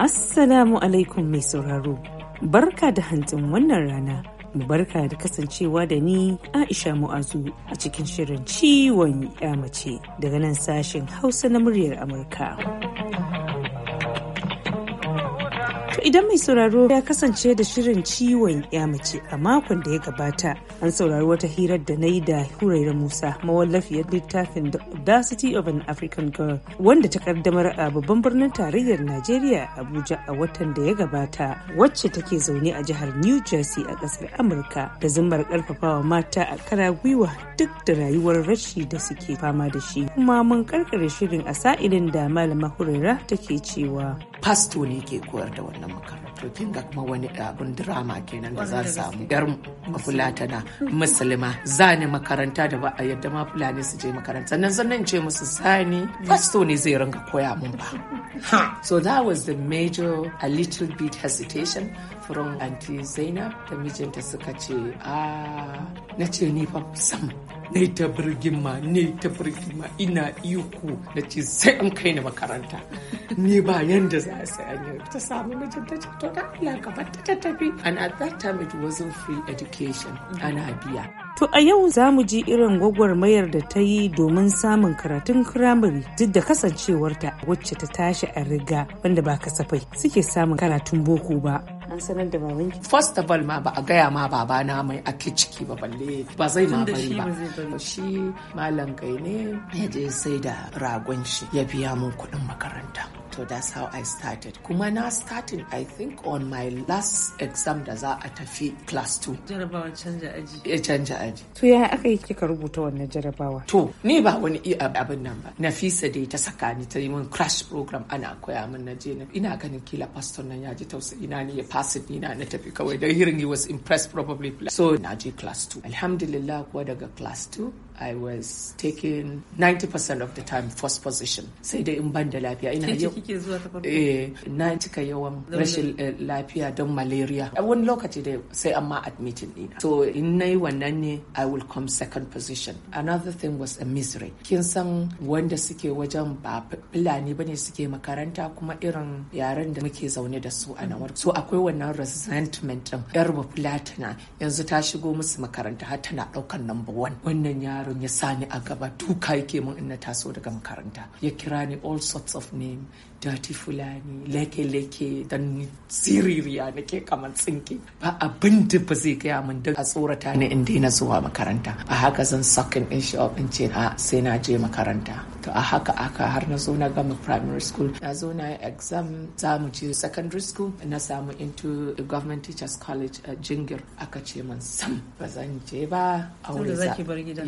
Assalamu alaikum mai sauraro, barka da hantin wannan rana, barka da kasancewa da ni Aisha Mu'azu a cikin shirin ciwon mace daga nan sashen Hausa na muryar Amurka. To idan mai sauraro ya kasance da shirin ciwon ya mace a makon da ya gabata an saurari wata hirar da na yi da Hurairu Musa mawallafiyar littafin The Audacity of an African Girl wanda ta kaddamar a babban birnin tarayyar Najeriya Abuja a watan da ya gabata wacce take zaune a jihar New Jersey a kasar Amurka da zimmar karfafawa mata a kara gwiwa duk da rayuwar rashi da suke fama da shi kuma mun karkare shirin a sa'ilin da malama Hurairu take cewa pasto ne ke koyar da wannan makarantu tun ga kuma wani eh, abin drama kenan da za samu yar tana musulma zani makaranta da ba a yadda ma fulani su je makaranta sannan sannan ce musu zani pasto ne zai ringa koya mun ba so that was the major a little bit hesitation from auntie zainab da mijinta suka ce a ah, na ce ni fa sam na ta birgima ne ta birgima ina iko na ce sai an kai ni makaranta ne ba yanda za a sai an ta samu mijin ta ce to da Allah ka bar ta tafi and at that time it wasn't free education ana biya To a yau za mu ji irin gwagwarmayar da ta yi domin samun karatun firamare duk da kasancewarta wacce ta tashi a riga wanda ba kasafai suke samun karatun boko ba. sanar da babanki first of all ma ba a gaya ma babana mai ake ciki ba balle ba zai ma bari ba shi malam kai ne ya je sai da ragon shi ya biya mun kuɗin makaranta to that's how I started kuma na starting I think on my last exam da za a tafi class 2 jarabawa canja aji ya eh, canja aji to ya aka yi kika rubuta wannan jarabawa to ni ba wani iya abin nan ba Nafisa dai ta saka ni ta yi min crash program ana koya min na je ina ganin kila pastor nan ya ji tausayi na ne ya fasa ni na na tafi kawai dan hearing he was impressed probably so na je class 2 alhamdulillah kuwa daga class 2 I was taking 90% of the time first position sai dai in ban da lafiya ina yau eh na cika yawan rashin eh, lafiya don malaria a wani lokaci dai sai amma admitting ina so in nayi wannan ne I will come second position another thing was a misery kin san wanda suke wajen ba fulani bane suke makaranta kuma irin yaren da muke zaune da su a nan so akwai wannan resentment din yar ba yanzu ta shigo musu makaranta har tana daukan number one wannan yaro yaron ya sani a gaba duka yake mun in na taso daga makaranta ya kira ni all sorts of name dirty fulani leke leke dan siririya ke kamar tsinke ba abin da ba zai gaya min da a tsorata ne in daina zuwa makaranta a haka zan sakin in shi in ce a ah, sai na je makaranta to a haka aka har na zo na gama primary school na zo na exam za mu je secondary school na samu into government teachers college a jingir aka ce min sam ba zan je ba aure za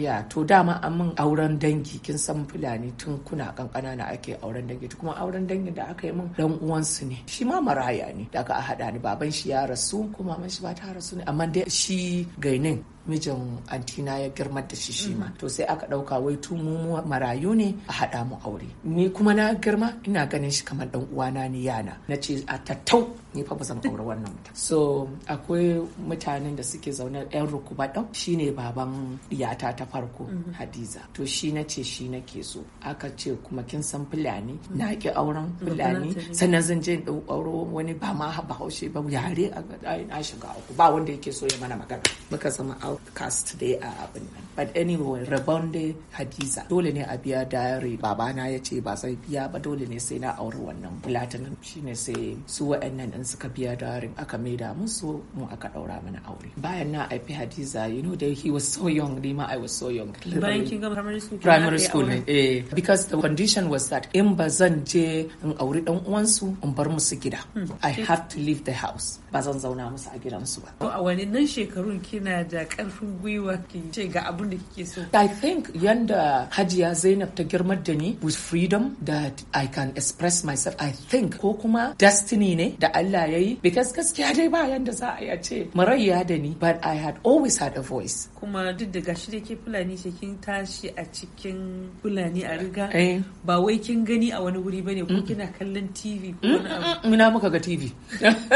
ya to dama amin auren dangi kin san fulani tun kuna kankana na ake auren dangi To kuma auren dangi da aka yi min dan uwansu ne shi ma maraya ne daga a haɗa ni baban shi ya rasu kuma mamanshi shi ba ta rasu ne amma dai shi gainin mijin antina ya girmar da shi shima mhm. to sai aka ɗauka wai tu mu marayu ne a haɗa mu aure ni kuma na girma ina ganin shi kamar ɗan uwana ni yana na ce a tattau ni fa ba zan aure wannan mutum so akwai mutanen da suke zaune yan rukuba ɗan shine baban iyata ta farko mhm. hadiza to shi na ce shi nake so aka ce kuma kin san fulani mhm. na ki auren fulani sannan zan je ɗau auro wani ba ma haushe ba yare a na shiga ba wanda yake so ya mana magana muka zama outcast dai a abin nan but anyway Rabonde hadiza dole ne a biya diary babana ya ce ba zai biya ba dole ne sai na auri wannan platinum shine sai su wa'annan din suka biya diary aka maida musu mu aka daura mana aure bayan na haifi hadiza you know that he was so young ma I was so young bayan kin primary school primary school ne eh because the condition was that in ba zan je in auri dan uwansu in bar musu gida hmm. I have to leave the house ba zan zauna musu a gidansu ba a wani nan shekarun kina da karfin gwiwa ki ce ga abin da kike so i think yanda hajiya zainab ta girmar da ni with freedom that i can express myself i think ko kuma destiny ne da Allah ya yi because gaskiya dai ba yanda za a iya ce marayya da ni but i had always had a voice kuma duk da gashi da ke fulani ce kin tashi a cikin fulani a riga eh. ba wai kin gani a wani wuri bane ko kina kallon tv ko wani muna muka ga tv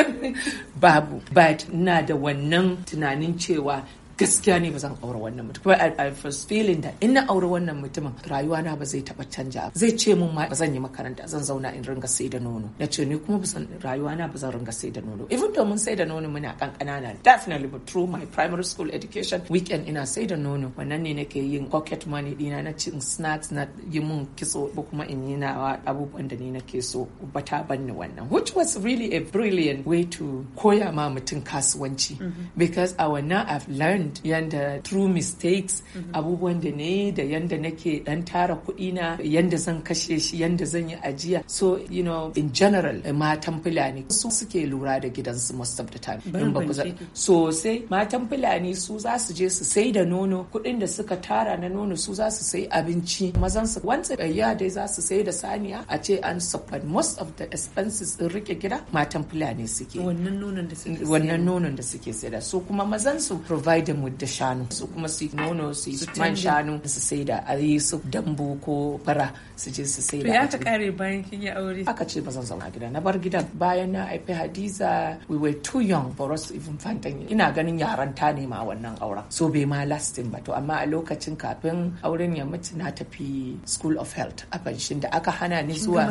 babu but na da wannan tunanin cewa gaskiya ne ba zan aure wannan mutum but I, I was feeling that in na aure wannan mutumin rayuwa ba zai taba canja zai ce mun ma ba zan yi makaranta zan zauna in ringa sai da nono na ce ni kuma rayuwa na ba zan ringa sai da nono even though mun sai da nono muna kan kanana definitely but through my primary school education weekend ina sai da nono wannan ne nake yin pocket money dina na cin snacks na yi mun kitso ko kuma in yi nawa abubuwan da ni nake so ba ta banni wannan which was really a brilliant way to koya ma mutum kasuwanci mm-hmm. because a wannan I've learned yanda true mistakes mhm. abubuwan da ne da yanda nake dan tara kuɗi na yanda zan kashe shi yanda zan yi ajiya so you know in general eh, matan fulani su suke lura da gidansu most of the time in ba So sai matan fulani su za su je su sai da nono kuɗin da suka tara na nono su za su sai abinci mazan su wanda ya dai za su sai da saniya a ce an support most of the expenses in rike gida matan fulani suke wannan nonon da suke wannan nonon da suke sai da so kuma mazan su provide mu da shanu su kuma su nono su man shanu su sai da a yi su dambu ko fara su je su sai da ya ta kare bayan kin yi aure aka ce ba zan zauna gida na bar gidan bayan na haifi hadiza we were too young for us to even find ina ganin yaran ta ne ma wannan auren so bai ma lasting ba to amma a lokacin kafin auren ya mutu na tafi school of health a fanshin da aka hana ni zuwa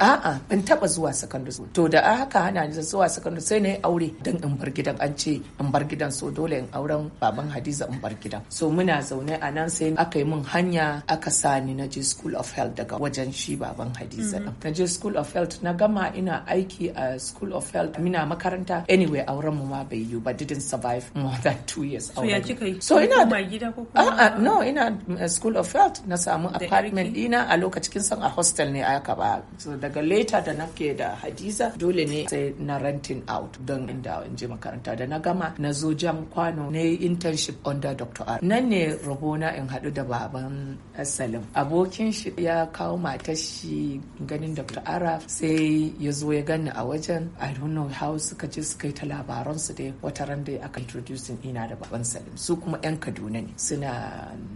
a'a ban taba zuwa secondary school to da aka hana ni zuwa secondary sai na yi aure dan in bar gidan an ce in bar gidan so dole in auren baban hadiza umbar gida so muna zaune a nan sai aka yi mun hanya aka sa ni na je school of health daga wajen shi baban hadiza din mm-hmm. na je school of health na gama ina aiki a school of health mina makaranta anyway auren mu ma bai yiwu ba didn't survive more than two years so ya kika yi so ina da gida ko kuma no ina uh, school of health na samu apartment dina a lokacin san a hostel ne aka ba so daga later da nake da hadiza dole ne sai na renting out don inda in je makaranta da na gama na zo jam kwano ne internship under Dr. R. Nan ne rabona in haɗu da baban Salim. Abokin shi ya kawo matar shi ganin Dr. Araf sai ya zo ya gani a wajen I don't know how suka je suka yi ta labaransu su dai wata ran da aka introducing ina da baban Salim. Su kuma 'yan Kaduna ne suna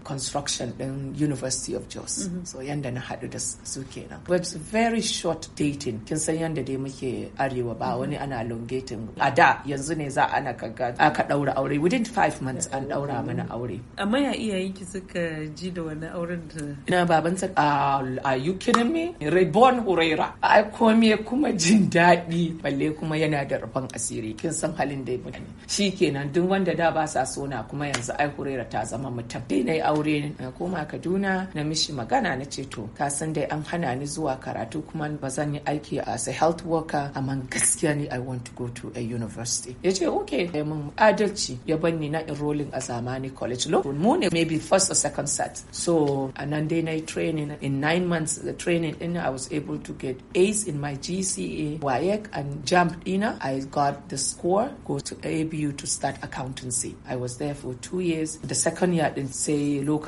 construction ɗin University of Jos. Mm-hmm. So yanda na haɗu da su kenan. But very short dating. Kin san yanda dai muke arewa ba mm-hmm. wani ana longating. A da yanzu ne za ana kaga aka ɗaura aure within five months an daura mana aure amma ya iya yanki suka ji da wani auren da ina baban sa a you kidding me reborn huraira ai kome kuma jin daɗi balle kuma yana da rufan asiri kin san halin da ya shi kenan duk wanda da ba sa sona kuma yanzu ai huraira ta zama mutum dai na yi aure na koma kaduna na mishi magana na ce to ka san dai an hana ni zuwa karatu kuma ba zan yi aiki as a health worker amma gaskiya ni i want to go to a university ya ce okay mun adalci ya banni na enrolling a Zamani College Law. Mu maybe first or second set. So a nan dai training in nine months the training and I was able to get A's in my GCA, WAEC and jumped in. I got the score go to ABU to start accountancy. I was there for two years. The second year didn't say look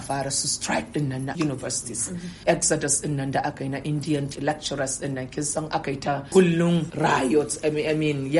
fara su strike in nan universities. Mm-hmm. Exodus din nan da aka yi Indian lecturers in nan kin san aka yi ta kullum riots I mean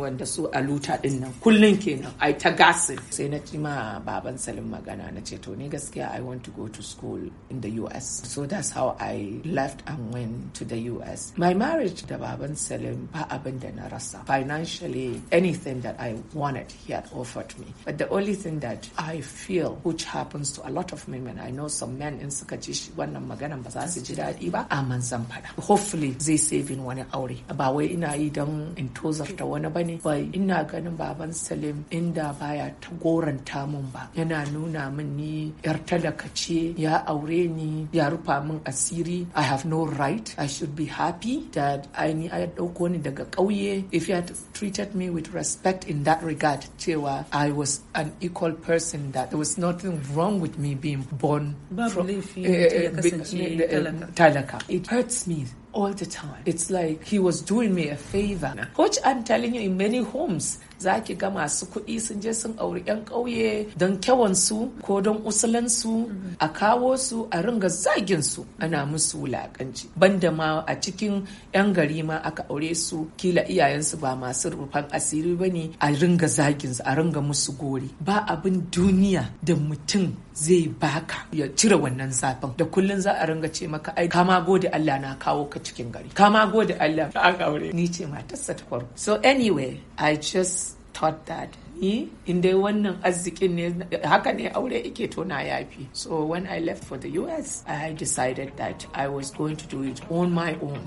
when the su aluta in nan kullum ai ta gasif sai na ci ma baban salim magana na ce to ni gaskiya i want to go to school in the us so that's how i left and went to the us my marriage da baban salim ba abin da na rasa financially anything that i wanted he had offered me but the only thing that i feel which happens to a lot of women i know some men in suka ji wannan Magana ba za su ji daɗi ba amma zan faɗa hopefully zai saving wani aure ba wai ina yi don in tozarta wani bane ba ina ganin baban salim in inda baya goranta mun ba yana nuna min ni yar talaka ce ya aure ni ya rufa min asiri i have no right i should be happy that i ni a dauko ni daga kauye if you had treated me with respect in that regard cewa i was an equal person that there was nothing wrong with me being born babu laifi eh, eh, eh, talaka it hurts me all the time. It's like he was doing me a favor. Coach, I'm telling you, in many homes, za ki ga masu kuɗi sun je sun auri 'yan ƙauye don kyawansu ko don usulansu a kawo su a ringa zagin su ana musu wulaƙanci banda ma a cikin 'yan gari ma aka aure su kila iyayensu ba masu rufan asiri ba ne a ringa zagin su a ringa musu gori ba abin duniya da mutum zai baka ya cire wannan zafin da kullum za a ringa ce maka ai kama gode Allah na kawo ka cikin gari kama gode Allah ta aure ni ce matarsa ta farko so anyway i just thought that ni in dai wannan arzikin ne haka ne aure ike tona yafi so when i left for the us i decided that i was going to do it on my own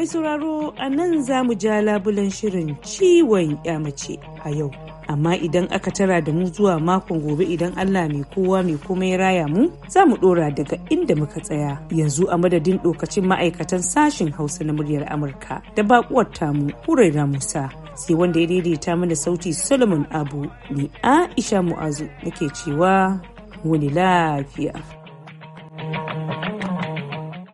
mai sauraro a nan za mu ja labulen shirin ciwon ya mace a yau amma idan aka tara da mu zuwa makon gobe idan Allah mai kowa mai komai raya mu za mu dora daga inda muka tsaya yanzu a madadin ɗokacin ma'aikatan sashen hausa na muryar amurka da bakuwar tamu huraira musa sai wanda ya daidaita mana sauti solomon abu ni aisha mu'azu nake cewa wani lafiya. thank you